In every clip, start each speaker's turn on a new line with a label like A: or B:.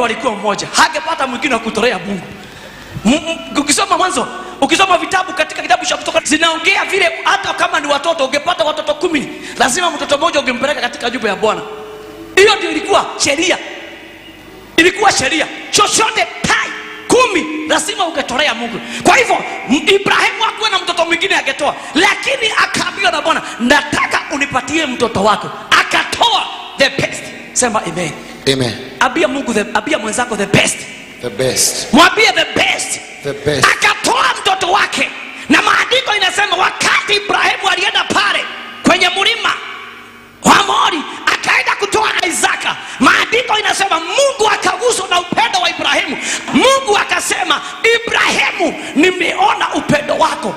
A: mtu alikuwa mmoja, hangepata mwingine wa kutolea Mungu. Ukisoma Mwanzo, ukisoma vitabu katika kitabu cha Kutoka zinaongea vile, hata kama ni watoto, ungepata watoto kumi, lazima mtoto mmoja ungempeleka katika nyumba ya Bwana. Hiyo ndio ilikuwa sheria, ilikuwa sheria, chochote tai kumi lazima ungetolea Mungu. Kwa hivyo Ibrahimu akuwe na mtoto mwingine angetoa, lakini akaambiwa na Bwana, nataka unipatie mtoto wako, akatoa the best Sema amen. Amen. Abia Mungu the, abia mwenzako the best.
B: The best.
A: Mwambie the best. The best. Akatoa mtoto wake na maandiko inasema wakati Ibrahimu alienda pale kwenye mlima wa Mori akaenda kutoa Isaka, maandiko inasema Mungu akaguswa na upendo wa Ibrahimu. Mungu akasema, Ibrahimu, nimeona upendo wako,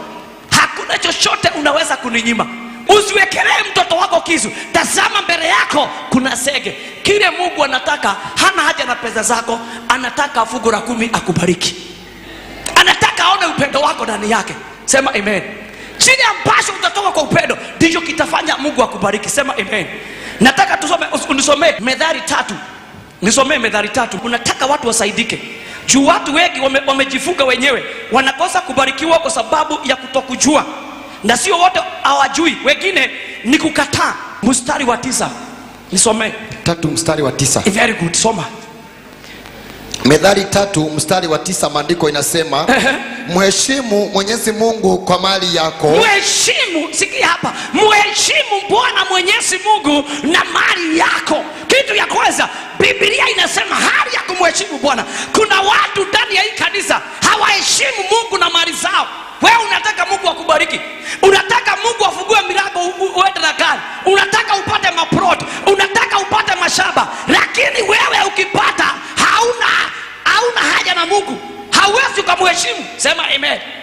A: hakuna chochote unaweza kuninyima. Usiwekelee mtoto wako kisu. Tazama mbele yako kuna sege. Kile Mungu anataka hana haja na pesa zako, anataka fungu la kumi akubariki, anataka aone upendo wako ndani yake. Sema amen. Chini ambacho utatoka kwa upendo ndicho kitafanya Mungu akubariki. Sema amen. Nataka tusome, unisomee medhari tatu, nisomee medhari tatu. Unataka watu wasaidike juu watu wengi wamejifunga wame wenyewe, wanakosa kubarikiwa kwa sababu ya kutokujua na sio wote hawajui, wengine ni kukataa. Mstari wa tisa nisome
B: Tatu mstari wa tisa.
A: Eh, very good, soma
B: Methali tatu mstari wa tisa, maandiko inasema mheshimu Mwenyezi Mungu kwa mali yako.
A: Mheshimu, sikia hapa, mheshimu Bwana Mwenyezi Mungu na mali yako. Kitu ya kwanza Biblia inasema hali ya kumheshimu Bwana kuna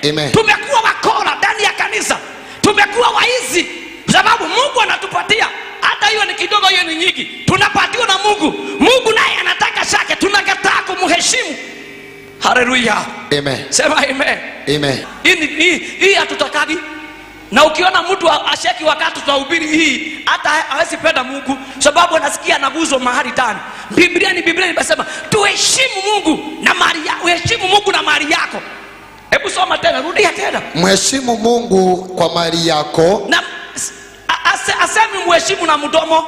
A: Amen. Tumekuwa wakora ndani ya kanisa, tumekuwa waizi kwa sababu Mungu anatupatia hata hiyo ni kidogo, hiyo ni nyingi, tunapatiwa na Mungu. Mungu naye anataka shake, tunakataa kumheshimu. Haleluya, amen. Sema amen, amen. Hii hatutakagi na ukiona mtu asheki wakati tunahubiri hii, hata hawezi penda Mungu sababu anasikia anaguzwa mahali tani. Biblia ni Biblia inasema tuheshimu Mungu na mali yako, heshimu Mungu na mali yako soma tena, rudia tena.
B: Mheshimu Mungu kwa mali yako na
A: ase, asemi mheshimu na mdomo,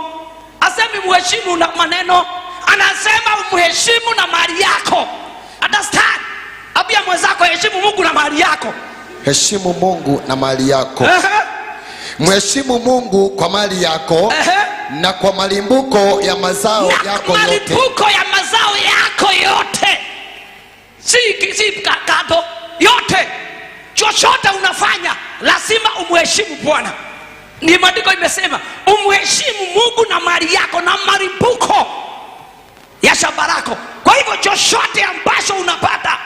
A: asemi mheshimu na maneno, anasema mheshimu na mali yako. Understand? Abia mwenzako heshimu Mungu na mali yako,
B: heshimu Mungu na mali yako. Mheshimu Mungu kwa mali yako na kwa malimbuko ya mazao na yako yote, malimbuko
A: ya mazao yako yote, si si kado yote, chochote unafanya lazima umheshimu Bwana. ni maandiko imesema umheshimu Mungu na mali yako na maripuko ya shamba lako. Kwa hivyo chochote ambacho unapata,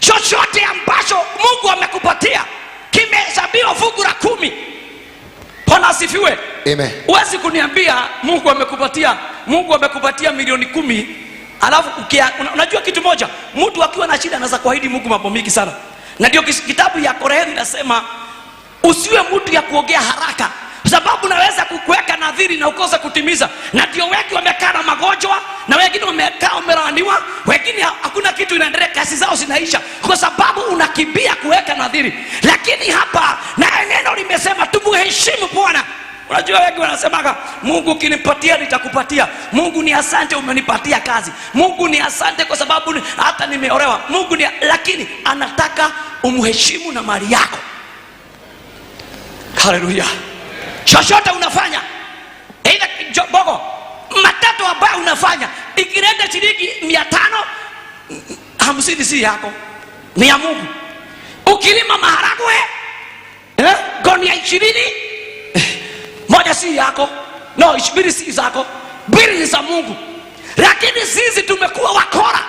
A: chochote ambacho Mungu amekupatia kimehesabiwa fungu la kumi. pona asifiwe, uwezi Huwezi kuniambia Mungu amekupatia Mungu amekupatia milioni kumi Alafu ukia, unajua kitu moja, mtu akiwa na shida anaweza kuahidi Mungu mambo mingi sana, na ndio kitabu ya Koreheri inasema usiwe mtu ya kuongea haraka, sababu naweza kukuweka nadhiri na ukose kutimiza. Na ndio wengi wamekaa na magonjwa na wengine wamekaa wamelaaniwa, wengine hakuna kitu inaendelea, kazi zao zinaisha kwa sababu unakimbia kuweka nadhiri. Lakini hapa naye neno limesema tumuheshimu Bwana. Unajua wengi wanasemaga Mungu ukinipatia nitakupatia. Mungu ni asante, umenipatia kazi. Mungu ni asante kwa sababu ni, hata nimeolewa. Mungu ni, lakini anataka umheshimu na mali yako. Haleluya! Chochote unafanya aidha bogo matatu ambayo unafanya ikirenda shilingi mia tano hamsini si yako, ni ya Mungu. Ukilima maharagwe eh, gonia ishirini si yako, no, Biblia si zako, Biblia ni za Mungu. Lakini sisi tumekuwa wakora,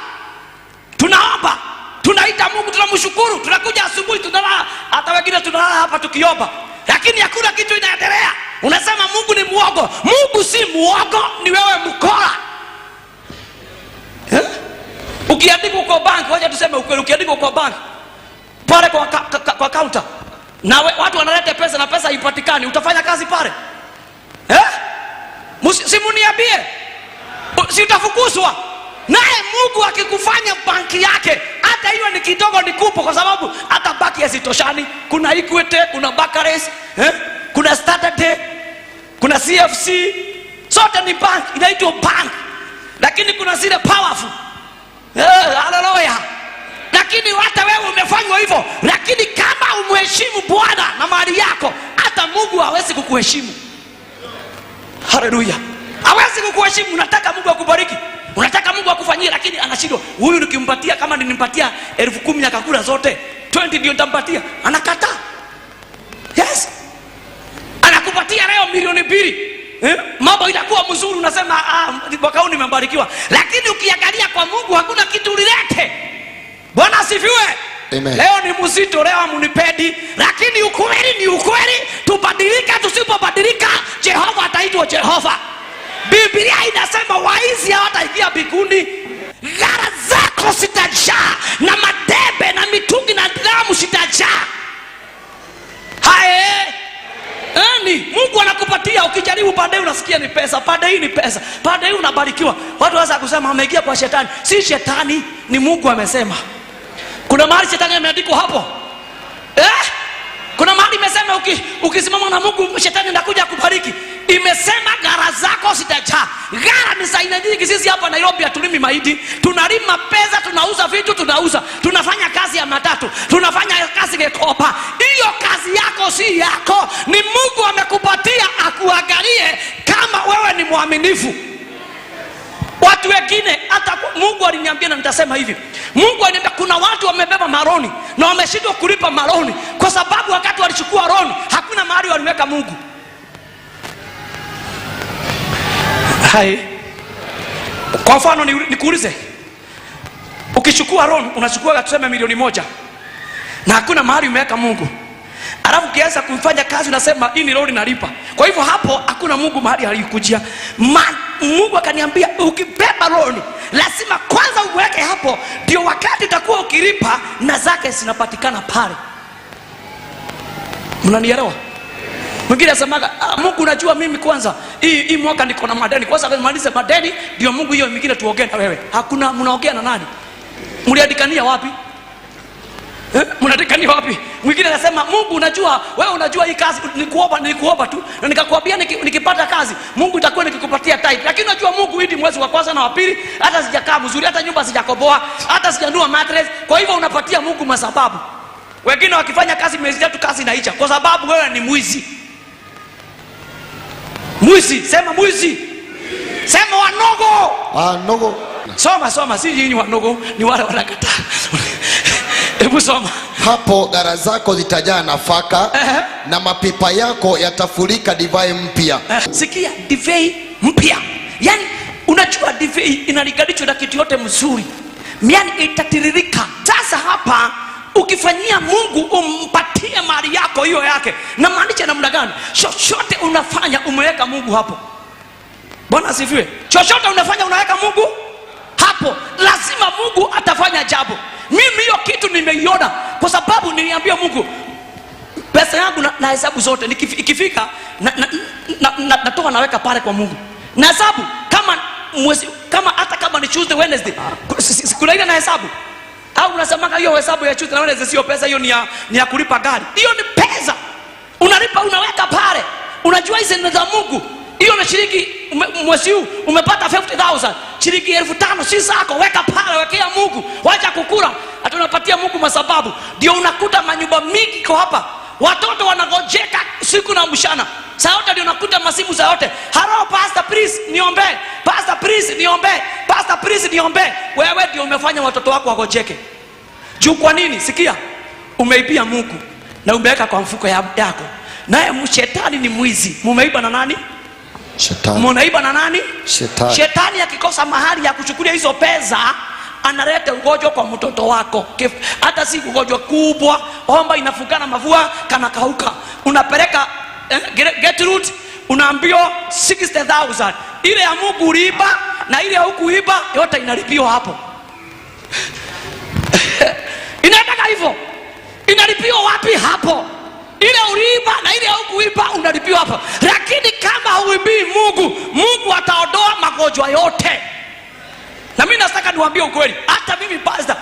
A: tunaomba tunaita Mungu, tunamshukuru, tunakuja asubuhi, tunalala, hata wengine tunalala hapa tukiomba, lakini hakuna kitu inaendelea. Unasema Mungu ni muogo. Mungu si muogo, ni wewe mkora eh? Ukiandika uko banki waja tuseme ukweli, ukiandika uko banki pale kwa, kwa kaunta na we, watu wanaleta pesa na pesa haipatikani, utafanya kazi pale? Eh? Simuniambie si utafukuzwa naye. Mungu akikufanya banki yake, hata hiyo ni kidogo, nikupo kwa sababu hata baki hazitoshani. Kuna Equity, kuna bakares eh? kuna Standard, kuna CFC, sote ni bank, inaitwa bank, lakini kuna zile powerful eh, haleluya. Lakini hata wewe umefanywa hivyo, lakini kama umheshimu Bwana na mali yako, hata Mungu hawezi kukuheshimu. Haleluya! awezi kukuheshimu. Unataka Mungu akubariki, unataka Mungu akufanyie, lakini anashindwa. Huyu nikimpatia kama nilimpatia elfu kumi akakula zote, 20 ndio nitampatia, anakata Yes, anakupatia leo milioni mbili eh? Mambo inakuwa mzuri, unasema ah, mwaka huu nimebarikiwa, lakini ukiangalia kwa Mungu hakuna kitu ulilete. Bwana asifiwe. Amen. Leo ni mzito, leo hamnipedi, lakini ukweli ni ukweli. Tubadilike, tusipobadilika Jehova ataitwa Jehova. Biblia inasema waizi hawataingia mbinguni, gara zako zitajaa na madebe na mitungi na damu zitajaa. Hae ani Mungu anakupatia ukijaribu, pande hii unasikia ni pesa, pande hii ni pesa, pande hii unabarikiwa. Watu waweza kusema ameingia kwa shetani. Si shetani, ni Mungu amesema kuna mahali shetani ameandikwa hapo eh? kuna mahali imesema uki, ukisimama na mungu shetani ndakuja kubariki imesema gara zako zitajaa gara ni saina nyingi sisi hapa nairobi hatulimi maidi tunalima pesa tunauza vitu tunauza tunafanya kazi ya matatu tunafanya kazi yekopa hiyo kazi yako si yako ni mungu amekupatia akuangalie kama wewe ni mwaminifu watu wengine hata Mungu aliniambia na nitasema hivi, Mungu aliniambia kuna watu wamebeba maroni na wameshindwa kulipa maroni kwa sababu wakati walichukua roni hakuna mahali waliweka Mungu. Hai. Kwa mfano nikuulize, ni ukichukua roni unachukua tuseme milioni moja na hakuna mahali umeweka Mungu, alafu ukianza kumfanya kazi unasema hii ni loan nalipa. Kwa hivyo hapo hakuna Mungu mahali alikujia. Mungu akaniambia ukibeba roni lazima kwanza uweke hapo, ndio wakati utakuwa ukilipa na zake zinapatikana pale. Mnanielewa? Mwingine asemaga ah, Mungu unajua mimi kwanza hii hii mwaka niko na madeni kwanza, nimalize madeni ndio Mungu, hiyo mingine tuongee na wewe. Hakuna. Mnaongea na nani? Mliandikania wapi eh? Mnaandikania wapi? Mwingine anasema Mungu unajua, wewe unajua hii kazi nikuomba, nikuomba tu na nikakwambia, nikipata kazi Mungu tithe. Lakini unajua Mungu hidi mwezi wa kwanza na wa pili, hata sijakaa vizuri, hata nyumba sijakoboa, hata sijanua mattress. Kwa hivyo unapatia Mungu masababu. Wengine wakifanya kazi miezi tatu kazi inaisha kwa sababu wewe ni mwizi. Mwizi, sema mwizi. Sema wanogo.
B: Wanogo.
A: Soma soma, si nyinyi wanogo, ni wale wanakataa. Hebu soma.
B: Hapo gara zako zitajaa nafaka uh -huh. na mapipa yako yatafurika divai mpya. Uh eh,
A: -huh. Sikia, divai mpya. Yani unajua divei inaliganishwa na kitu yote mzuri, yani itatiririka. Sasa hapa ukifanyia Mungu umpatie mali yako hiyo yake, na maanisha namna gani? Chochote unafanya umeweka Mungu hapo. Bwana asifiwe. Chochote unafanya unaweka Mungu hapo, lazima Mungu atafanya jabo Mimi hiyo kitu nimeiona, kwa sababu niliambia Mungu pesa yangu na, na hesabu zote ikifika na, na, na, na, natoa naweka pale kwa Mungu na hesabu kama mwezi, kama hata kama ni Tuesday Wednesday, kuna ile na hesabu au unasemaga hiyo hesabu ya Tuesday na Wednesday sio pesa, hiyo ni ya, ni ya kulipa gari, hiyo ni pesa unalipa, unaweka pale, unajua hizo ni za Mungu. Hiyo na shilingi mwezi huu umepata 50000 shilingi elfu si zako, weka pale, wekea Mungu, wacha kukula, hata unapatia Mungu masababu. Ndio unakuta manyumba mingi kwa hapa watoto wanagojeka siku na mshana saote yote ndio nakuta masimu saote yote pastor please niombe pastor please niombe pastor please niombe wewe ndio umefanya watoto wako wagojeke juu kwa nini sikia umeibia mungu na umeweka kwa mfuko ya, yako naye mshetani ni mwizi mumeiba na nani shetani. mumeiba na nani shetani, shetani akikosa mahali ya kuchukulia hizo pesa anarete ugonjwa kwa mtoto wako, hata si ugonjwa kubwa, omba inafugana mavua kanakauka, unapeleka eh, get root, unaambiwa 60000 ile ya Mungu uliiba na ile ya huku iba yote inalipiwa hapo inaendaka hivyo, inalipiwa wapi? Hapo ile uliiba na ile hukuiba unalipiwa hapo. Lakini kama huimbii Mungu, Mungu ataondoa magonjwa yote na mi nataka niwambie ukweli, hata mimi pasta,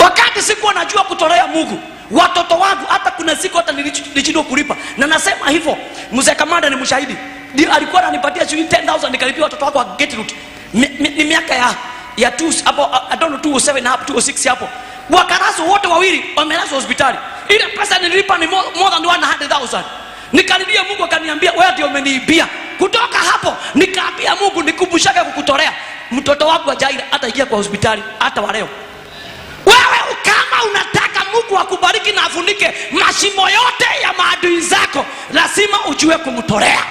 A: wakati sikuwa najua kutolea Mungu watoto wangu, hata kuna siku hata nilishindwa kulipa, na nasema hivyo, mzee Kamanda ni mshahidi, alikuwa ananipatia shilingi 10000 nikalipia watoto wako wa Get Root, ni miaka ya ya 2 hapo uh, I don't know 27 hapo 26 hapo, wakarasu wote wawili wamelazwa hospitali. Ile pesa nilipa ni more, more than 100000 Nikaribia Mungu akaniambia, wewe ndio umeniibia. Kutoka hapo nikaambia Mungu, nikumbushake kukutolea mtoto wako wa Jaira ataingia kwa hospitali hata wa leo. Wewe kama unataka Mungu akubariki na afunike mashimo yote ya maadui zako, lazima ujue kumtolea.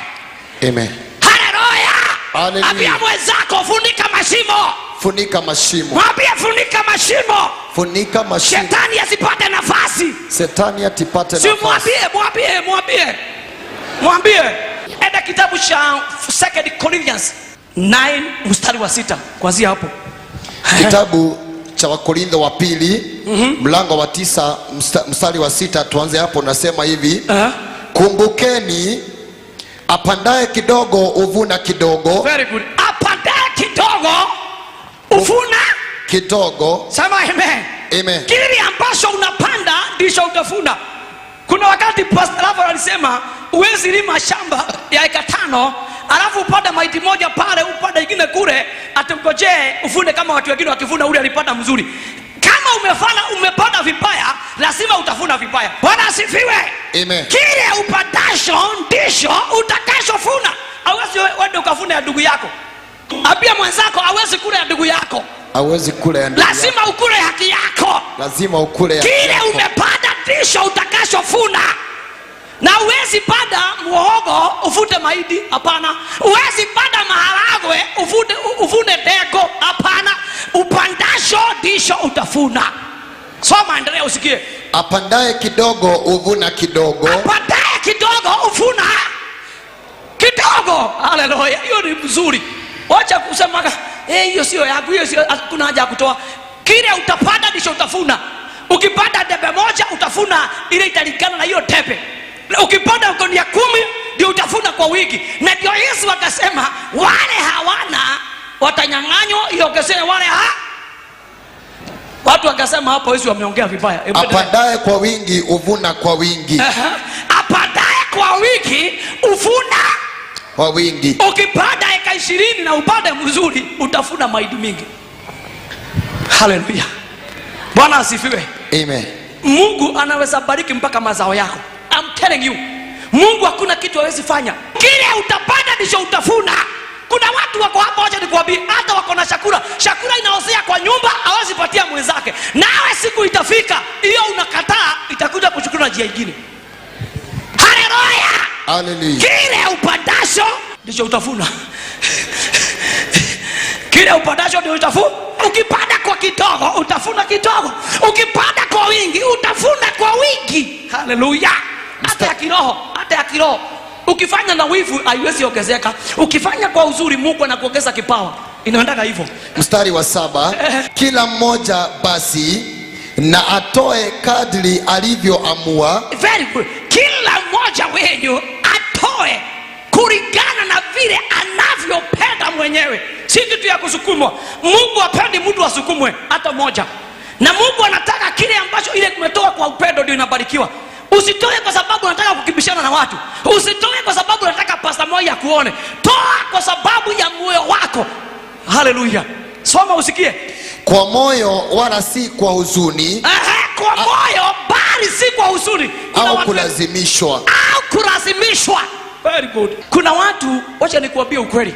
A: Amen. Haleluya. Ambia mwenzako funika mashimo.
B: Funika mashimo.
A: Mwambie funika mashimo.
B: Funika mashimo.
A: Shetani asipate nafasi.
B: Shetani atipate nafasi. simwambie
A: mwambie, mwambie, mwambie. ende kitabu cha 2 Corinthians 9 mstari wa sita kwanzia hapo
B: kitabu cha Wakorintho wa pili mm -hmm. mlango wa tisa mstari wa sita tuanze hapo, nasema hivi uh -huh. Kumbukeni apandaye kidogo uvuna kidogo.
A: Very good. Apandaye kidogo uvuna
B: kidogo.
A: Sema amen. Amen. Kile ambacho unapanda ndicho utavuna. Kuna wakati Pastor Lava alisema uwezi lima shamba ya eka tano alafu upanda maiti moja pale, upada ingine kule, atumgojee ufune kama watu wengine wakivuna. Ule alipanda mzuri. Kama umefala umepanda vibaya, lazima utafuna vibaya. Bwana asifiwe. Amen. Kile upandacho ndicho utakachofuna. awezi wende ukafuna ya ndugu yako, ambia mwenzako awezi kula ya ndugu yako,
B: awezi kula ya ndugu
A: yako. Lazima ukule haki yako,
B: lazima ukule ya
A: Kile umepanda ndisho utakachofuna na uwezi pada mwohogo ufute maidi hapana. Uwezi pada maharagwe ufute, ufune dego hapana. Upandasho ndisho utafuna. Soma, endelea usikie.
B: Apandaye kidogo uvuna kidogo,
A: apandaye kidogo ufuna kidogo. Haleluya, hiyo ni mzuri. Wacha kusemaga eh, hiyo hey, sio yangu, hiyo sio, kuna haja ya kutoa. Kile utapanda ndisho utafuna. Ukipanda tepe moja utafuna ile italingana na hiyo tepe na ukipanda mkono ya kumi ndio utafuna kwa wiki na ndio yesu akasema wale hawana watanyang'anywa iongezee wale ha watu wakasema hapo yesu wameongea vibaya
B: apadaye kwa wingi uvuna kwa wingi uh-huh.
A: kwa wingi uvuna
B: kwa wingi
A: ukipanda eka ishirini na upande mzuri utafuna maidi mingi haleluya bwana asifiwe Amen. mungu anaweza bariki mpaka mazao yako telling you, Mungu hakuna kitu hawezi fanya. Kile utapanda ndicho utafuna. Kuna watu wako hapa, wacha nikwambie, hata wako na shakura shakura inaosea kwa nyumba, hawezi patia mwenzake. Nawe siku itafika hiyo, unakataa, itakuja kuchukua na njia nyingine. Haleluya, Kile upandacho ndicho utafuna. Kile upandacho ndio utafuna. Ukipanda kwa kidogo utafuna kidogo, ukipanda kwa wingi utafuna kwa wingi. Haleluya! hata ya kiroho, hata ya kiroho. Ukifanya na wivu haiwezi ongezeka, ukifanya kwa uzuri Mungu anakuongeza kipawa, inaendaga hivyo.
B: Mstari wa saba kila mmoja basi na atoe kadri alivyoamua.
A: Very good. Kila mmoja wenyu atoe kulingana na vile anavyopenda mwenyewe, si kitu ya kusukumwa. Mungu apendi mtu asukumwe hata mmoja, na Mungu anataka kile ambacho ile kumetoka kwa upendo ndio inabarikiwa. Usitoe kwa sababu unataka kukibishana na watu, usitoe kwa sababu unataka pasta moja akuone. Toa kwa sababu ya moyo wako. Haleluya, soma usikie.
B: Kwa moyo wala si kwa huzuni.
A: Aha, kwa moyo bali si kwa huzuni,
B: au kulazimishwa,
A: au kulazimishwa. Very good. Kuna watu, wacha nikuambia ukweli,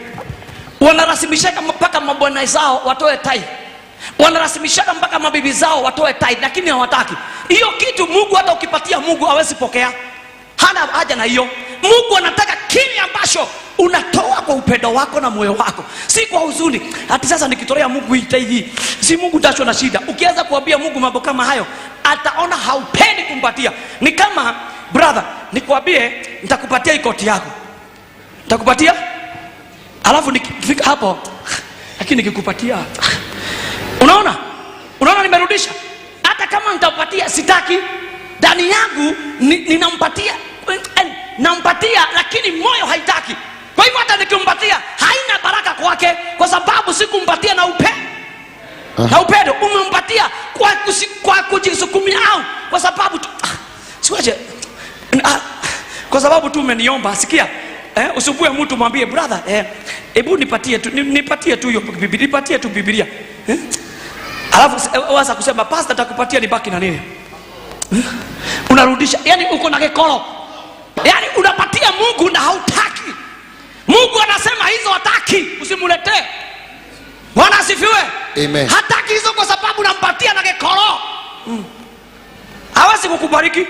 A: wanalazimishika mpaka mabwana zao watoe tai wanarasimishaga mpaka mabibi zao watoe tithe, lakini hawataki hiyo kitu. Mungu hata ukipatia Mungu hawezi pokea, hana haja na hiyo. Mungu anataka kile ambacho unatoa kwa upendo wako na moyo wako, si kwa huzuni hati. Sasa nikitolea Mungu hii, si Mungu tashwa na shida. Ukianza kuambia Mungu mambo kama hayo, ataona haupendi kumpatia. Ni kama brother, nikwambie, nitakupatia ikoti yako, nitakupatia alafu nikifika hapo, lakini nikikupatia Unaona, unaona, nimerudisha. Hata kama nitampatia sitaki, ndani yangu ninampatia ni eh, nampatia, lakini moyo haitaki. Kwa hivyo hata nikimpatia haina baraka kwake, kwa sababu sikumpatia na upendo ah. na upendo umempatia kwa, kwa kujisukumia au kwa sababu tu ah, siwaje ah, kwa sababu tu umeniomba. Sikia eh, usubue mtu mwambie brother, eh, hebu nipatie tu nipatie tu hiyo bibilia nipatie tu bibilia eh? alafu eh, waza kusema pasta, nitakupatia nibaki na nini? Hmm? Unarudisha, yani uko na kekolo, yani unapatia Mungu na hautaki. Mungu anasema hizo hataki, usimuletee. Bwana asifiwe, Hataki hizo kwa sababu unampatia na kekolo, hmm. hawezi kukubariki.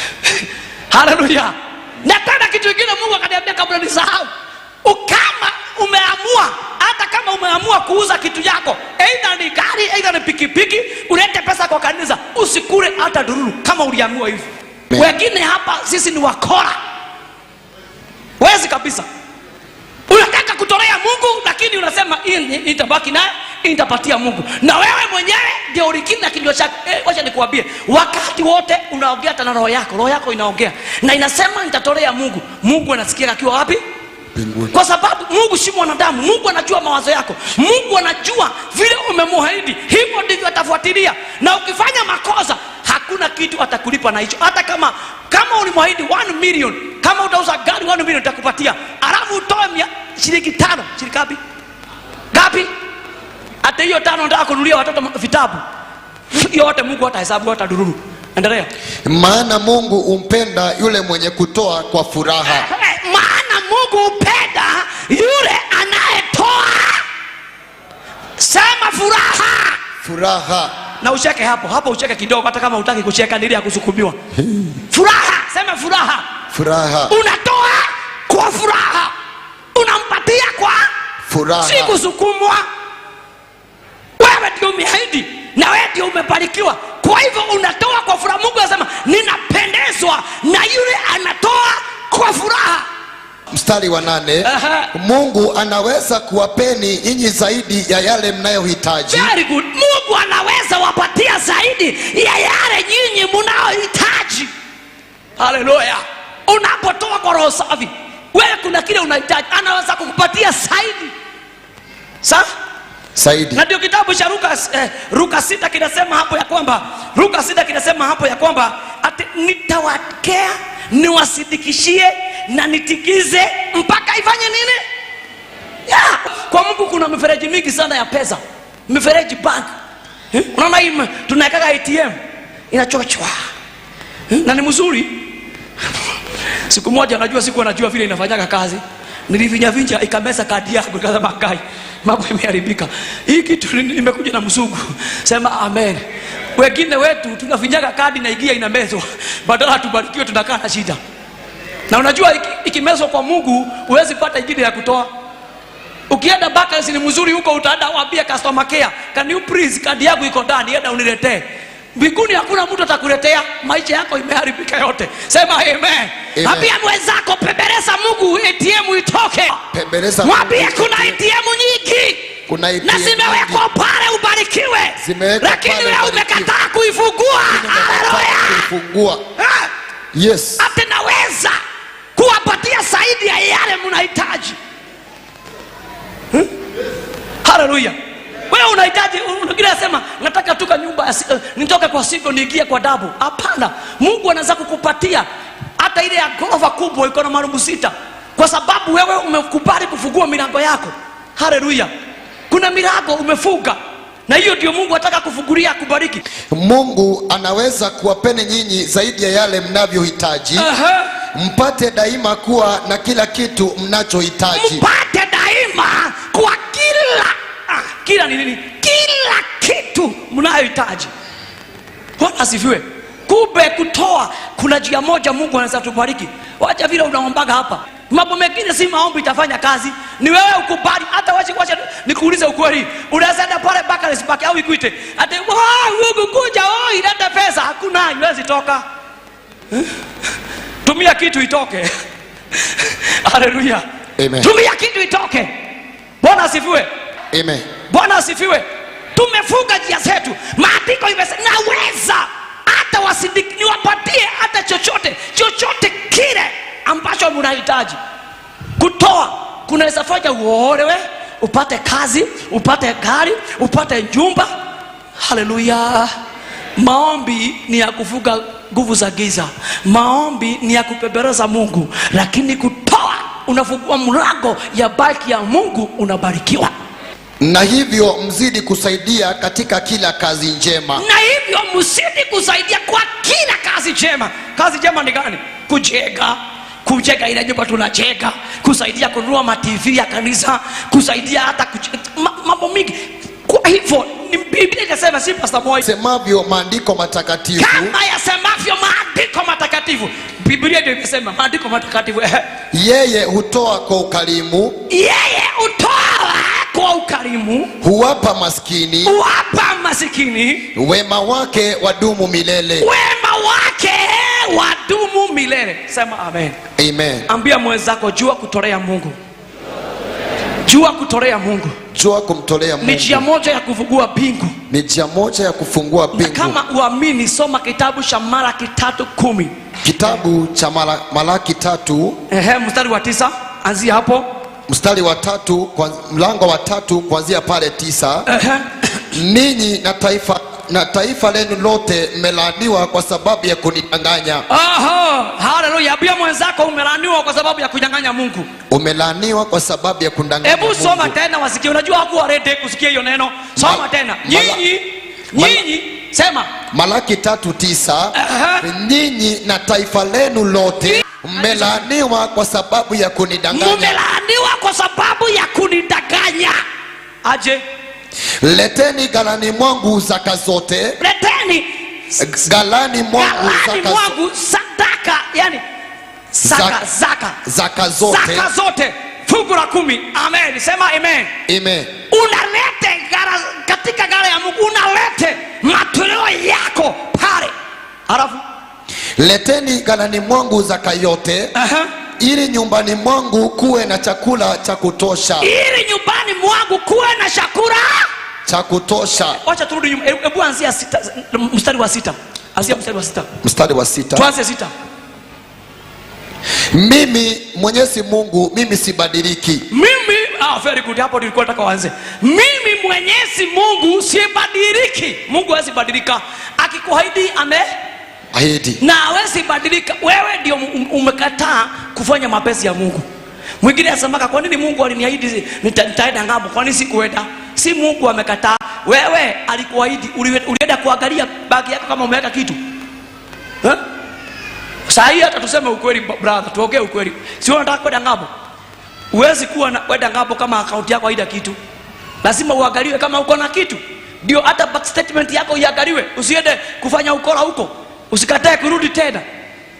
A: Haleluya. Na tena kitu kingine Mungu akaniambia kabla nisahau, ukama umeamua hata kama umeamua kuuza kitu yako, aidha ni gari, aidha ni pikipiki, ulete pesa kwa kanisa, usikule hata dururu kama uliamua hivi Wengine hapa sisi ni wakora, wezi kabisa. Unataka kutolea Mungu, lakini unasema itabaki naye, itapatia Mungu, na wewe mwenyewe ndio ulikini na kilio chako. Eh, wacha nikuambie, wakati wote unaongea hata na roho yako, roho yako inaongea na inasema nitatolea Mungu. Mungu anasikia akiwa wapi? mbinguni, kwa sababu Mungu si mwanadamu. Mungu anajua mawazo yako, Mungu anajua vile umemuhaidi hivyo ndivyo atafuatilia. Na ukifanya makosa, hakuna kitu atakulipa na hicho, hata kama kama ulimwahidi 1 million, kama utauza gari 1 million atakupatia, alafu utoe shilingi tano, shilingi gapi ngapi? Hata hiyo tano ndio kununulia watoto vitabu, yote Mungu hatahesabu hata dururu. Endelea.
B: Maana Mungu umpenda yule mwenye kutoa kwa furaha
A: Mungu upenda yule anayetoa sema furaha,
B: furaha
A: na ucheke hapo hapo, ucheke kidogo, hata kama hutaki kucheka ndili ya kusukumiwa. Furaha, sema furaha, furaha. Unatoa kwa furaha, unampatia kwa furaha, si kusukumwa. Wewe ndio umeahidi na wewe ndio umebarikiwa.
B: mstari wa nane. Aha. Mungu anaweza kuwapeni nyinyi zaidi ya yale mnayohitaji.
A: Very good. Mungu anaweza wapatia zaidi ya yale nyinyi mnayohitaji. Haleluya! Unapotoa kwa roho safi, wewe kuna kile unahitaji, anaweza kukupatia zaidi. Sawa? Saidi. Na ndio kitabu cha Luka, eh, Luka sita kinasema hapo ya kwamba Luka sita kinasema hapo ya kwamba ati nitawakea niwasidikishie na nitikize mpaka ifanye nini? Yeah. Kwa Mungu kuna mifereji mingi sana ya pesa, mifereji bank eh? Unaona hii tunaweka ATM inachochwa eh? na ni mzuri. Siku moja najua siku anajua vile inafanyaga kazi, nilivinya vinja ikamesa kadi yako, ikasema kai, mambo imeharibika. Hii kitu imekuja na mzungu sema amen. Wengine wetu tunafinyaga kadi na igia inamezwa, badala tubarikiwe, tunakaa na shida. Na unajua ikimezwa kwa Mungu huwezi pata ingine ya kutoa. Ukienda Bakers ni mzuri huko, utaenda waambie customer care, can you please, kadi yako iko ndani, enda uniletee. Mbinguni hakuna mtu atakuletea, maisha yako imeharibika yote. Sema amen. Mwambie mwenzako, pembeleza Mungu ATM itoke. Mwambie kuna ATM nyingi na zimewekwa pale ubarikiwe, lakini wewe umekataa kuifungua. Haleluya! Yes, ati naweza kuwapatia zaidi ya yale mnahitaji. Huh? Hmm? Haleluya! Wewe unahitaji unagila sema nataka tuka nyumba uh, nitoke kwa singo niingie kwa dabu. Hapana, Mungu anaweza kukupatia hata ile ya gorofa kubwa iko na sita, kwa sababu wewe umekubali kufungua milango yako. Haleluya! kuna milango umefunga na hiyo ndio mungu ataka kufungulia akubariki
B: mungu anaweza kuwapeni nyinyi zaidi ya yale mnavyohitaji uh-huh. mpate daima kuwa na kila kitu mnachohitaji
A: mpate daima kwa kila ah, kila ni nini kila kitu mnayohitaji ana asifiwe kumbe kutoa kuna jia moja mungu anaweza tubariki wacha vile unaombaga hapa Mambo mengine si maombi itafanya kazi, ni wewe ukubali. Hata wacha wacha nikuulize ukweli, unaweza enda pale Barclays Bank au Equity, ati Mungu kuja, oh ileta pesa, hakuna, haiwezi toka. Tumia kitu itoke. Haleluya, amen. Tumia kitu itoke. Bwana asifiwe, amen. Bwana asifiwe. Tumefunga njia zetu, maandiko imesema naweza hata wasindikiwe, niwapatie hata chochote chochote kile ambacho mnahitaji kutoa. Kunaweza fanya uolewe, upate kazi, upate gari, upate nyumba. Haleluya! Maombi ni ya kuvuga nguvu za giza, maombi ni ya kupembeleza Mungu, lakini kutoa unafungua mlango ya baki ya Mungu, unabarikiwa
B: na hivyo mzidi kusaidia katika kila kazi njema. Na
A: hivyo mzidi kusaidia kwa kila kazi njema. Kazi njema ni gani? Kujenga kucheka ile nyumba tunacheka, kusaidia kununua ma TV ya kanisa, kusaidia hata mambo mingi. Kwa hivyo ni Biblia inasema, si Pastor Boy
B: semavyo maandiko matakatifu,
A: kama yasemavyo maandiko matakatifu. Biblia ndio imesema maandiko matakatifu
B: yeye hutoa kwa ukarimu,
A: yeye hutoa kwa ukarimu,
B: huwapa maskini,
A: huwapa maskini,
B: wema wake wadumu milele,
A: wema wake wadumu milele. Sema amen. Amen. Ambia mwenzako jua kutolea Mungu jua kutolea Mungu,
B: jua kumtolea Mungu
A: ni njia moja ya kufungua mbingu,
B: ni njia moja ya kufungua mbingu.
A: Kama uamini, soma kitabu cha Malaki tatu kumi
B: kitabu cha Malaki, Malaki tatu
A: ehe, mstari wa tisa anzia hapo,
B: mstari wa tatu mlango wa tatu kuanzia pale tisa. Ninyi na taifa na taifa lenu lote mmelaaniwa kwa sababu ya kunidanganya.
A: Oho, haleluya! Ambia mwenzako umelaaniwa kwa sababu ya kudanganya Mungu.
B: Umelaaniwa kwa sababu ya kudanganya
A: Mungu. Hebu soma tena wasikie, unajua hakuwa rede kusikia hiyo neno. Soma tena nyinyi, nyinyi sema
B: Malaki tatu tisa. Nyinyi na taifa lenu lote mmelaaniwa kwa sababu ya kunidanganya.
A: Mmelaaniwa kwa sababu ya kunidanganya aje
B: leteni galani mwangu zaka zote,
A: leteni
B: galani mwangu
A: zaka, mwangu sadaka, yani zaka, zaka,
B: zaka zote,
A: zaka zote fungu la kumi. Amen, sema amen, amen. Unalete gara, katika gara ya Mungu unalete matoleo yako pale, alafu
B: leteni galani mwangu zaka yote, uh -huh. ili nyumbani mwangu kuwe na chakula cha kutosha,
A: ili nyumbani moyoni mwangu kuwe na chakula
B: cha kutosha.
A: Wacha turudi nyuma, hebu anzia sita, mstari wa sita. Anzia mstari wa sita,
B: mstari wa sita, tuanze sita. Mimi Mwenyezi Mungu, mimi sibadiliki.
A: Mimi ah, very good. Hapo nilikuwa nataka waanze. Mimi Mwenyezi Mungu sibadiliki. Mungu hawezi badilika, akikuahidi ame ahidi na hawezi badilika. Wewe ndio umekataa kufanya mapenzi ya Mungu. Mwingine asemaka kwa nini Mungu aliniahidi nitaenda ng'ambo, kwa nini sikuenda? Si Mungu amekataa, wewe alikuahidi. Ulienda kuangalia bagi yako kama umeweka kitu eh? Saa hii hata tuseme ukweli, brother, tuongee ukweli, si unataka kwenda ng'ambo? Uwezi kuwa kwenda ng'ambo kama akaunti yako haina kitu. Lazima uangaliwe kama uko na kitu, ndio hata bank statement yako iangaliwe, usiende kufanya ukora huko, usikatae kurudi tena.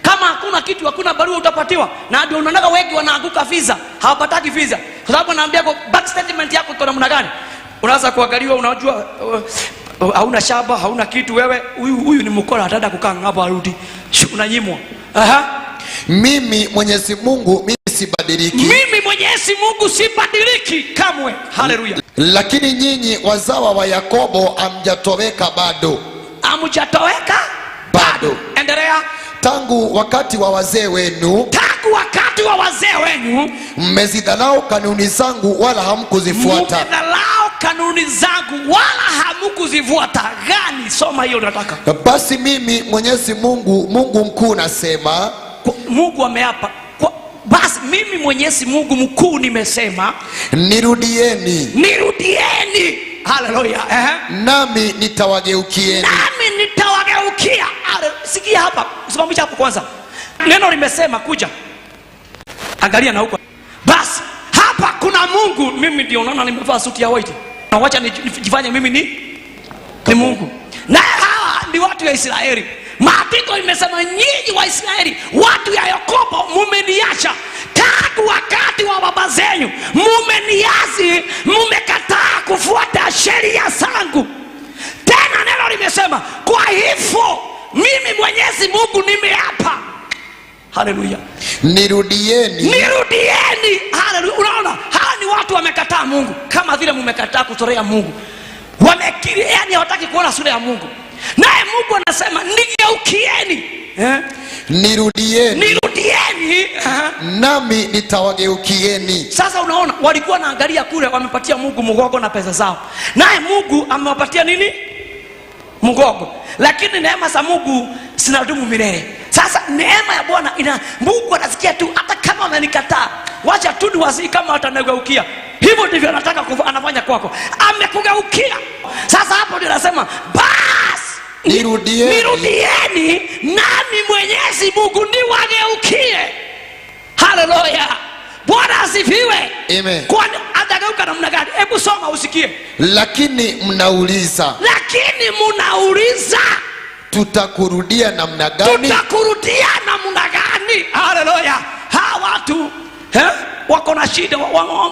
A: Kama hakuna kitu, hakuna barua utapatiwa, na ndio unaonaka wengi wanaanguka visa, hawapataki visa kwa sababu anaambia kwa back statement yako iko namna gani. Unaanza kuangaliwa, unajua uh, hauna shaba hauna kitu, wewe huyu huyu ni mkora, atada kukaa ngapo arudi, unanyimwa. Aha, mimi Mwenyezi Mungu mimi sibadiliki, mimi Mwenyezi Mungu sibadiliki kamwe. Haleluya! Lakini nyinyi wazawa wa Yakobo amjatoweka bado, amjatoweka bado. Endelea tangu wakati wa wazee wenu tangu wakati wa wazee wenu mmezidhalau kanuni zangu wala hamkuzifuata mmezidhalau kanuni zangu wala hamkuzifuata gani soma hiyo nataka basi mimi mwenyezi mungu mungu mkuu nasema Kwa, mungu ameapa basi mimi mwenyezi mungu mkuu nimesema nirudieni nirudieni haleluya eh? nami nitawageukieni nami sikia hapa, usimamisha hapo kwanza. Neno limesema kuja, angalia na huko basi. Hapa kuna Mungu. Mimi ndio naona nimevaa suti ya white, na nijifanye mimi ni ni Mungu, na hawa ni watu ya Israeli. Maandiko imesema nyinyi wa Israeli, watu ya Yakobo, mumeniacha tangu wakati wa baba zenyu, mumeniazi mumekataa kufuata sheria zangu. Tena neno limesema kwa hivyo mimi mwenyezi mungu nimeapa haleluya nirudieni nirudieni haleluya unaona hawa ni watu wamekataa mungu kama vile mumekataa kutorea mungu wamekiri yani hawataki kuona sura ya mungu naye mungu anasema nigeukieni eh? nirudieni nirudieni uh-huh. nami nitawageukieni sasa unaona walikuwa naangalia kule wamepatia mungu mgogo na pesa zao naye mungu amewapatia nini Mungu. Lakini neema za Mungu zinadumu milele. Sasa neema ya Bwana ina Mungu anasikia tu hata kama amenikataa. Wacha tu ni wazii kama atanigeukia. Hivyo ndivyo anataka anafanya kwako. Amekugeukia. Sasa hapo ndio nasema basi nirudieni. Nirudieni nami Mwenyezi Mungu niwageukie. Haleluya. Bwana asifiwe. Amen. Kwani atageuka namna gani? Hebu soma usikie. Lakini mnauliza, lakini mnauliza tutakurudia namna gani? Tutakurudia namna gani? Haleluya! wako na shida,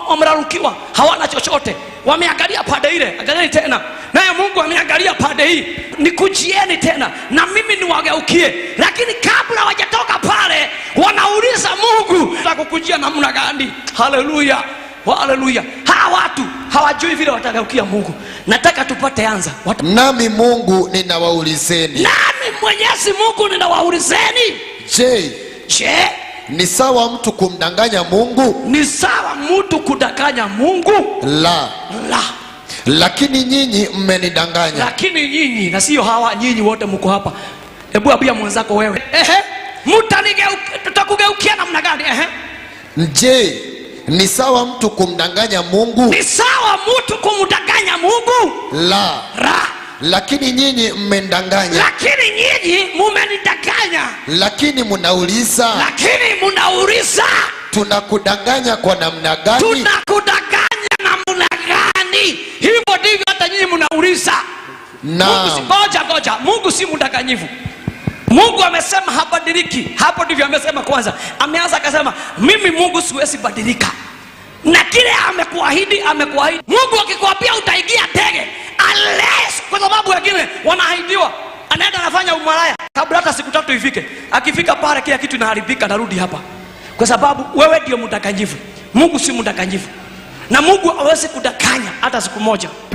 A: wamrarukiwa, hawana chochote, wameangalia pande ile. Angalieni tena, naye Mungu ameangalia pande hii, nikujieni tena na mimi niwageukie. Lakini kabla wajatoka pale, wanauliza Mungu takukujia namna gani? Haleluya, haleluya! Hawa watu hawajui vile watageukia Mungu. Nataka tupate anza Wat... nami Mungu ninawaulizeni, nami Mwenyezi Mungu ninawaulizeni, je, je ni sawa mtu kumdanganya Mungu? Ni sawa mtu kudanganya Mungu? La, la. Lakini nyinyi mmenidanganya. Lakini nyinyi na sio hawa, nyinyi wote mko hapa. Hebu abia mwenzako wewe, ehe, tutakugeukia namna gani? Ehe, je, ni sawa mtu kumdanganya Mungu? Ni sawa mtu kumdanganya Mungu? La, la lakini nyinyi mmendanganya, lakini nyinyi mmenidanganya, lakini munauliza, lakini munauliza, tunakudanganya kwa namna gani? Tunakudanganya namna gani? Hivyo ndivyo hata nyinyi mnauliza. Mungu si ngoja Mungu si mdanganyivu Mungu amesema habadiliki. Hapo ndivyo amesema kwanza. Ameanza akasema, mimi Mungu siwezi badilika, na kile amekuahidi amekuahidi. Mungu akikuapia utaingia tege unless, kwa sababu wengine wanaahidiwa, anaenda anafanya umalaya kabla hata siku tatu ifike. Akifika pale, kila kitu inaharibika, narudi hapa, kwa sababu wewe ndio mdanganyifu. Mungu si mdanganyifu, na Mungu hawezi kudanganya hata siku moja.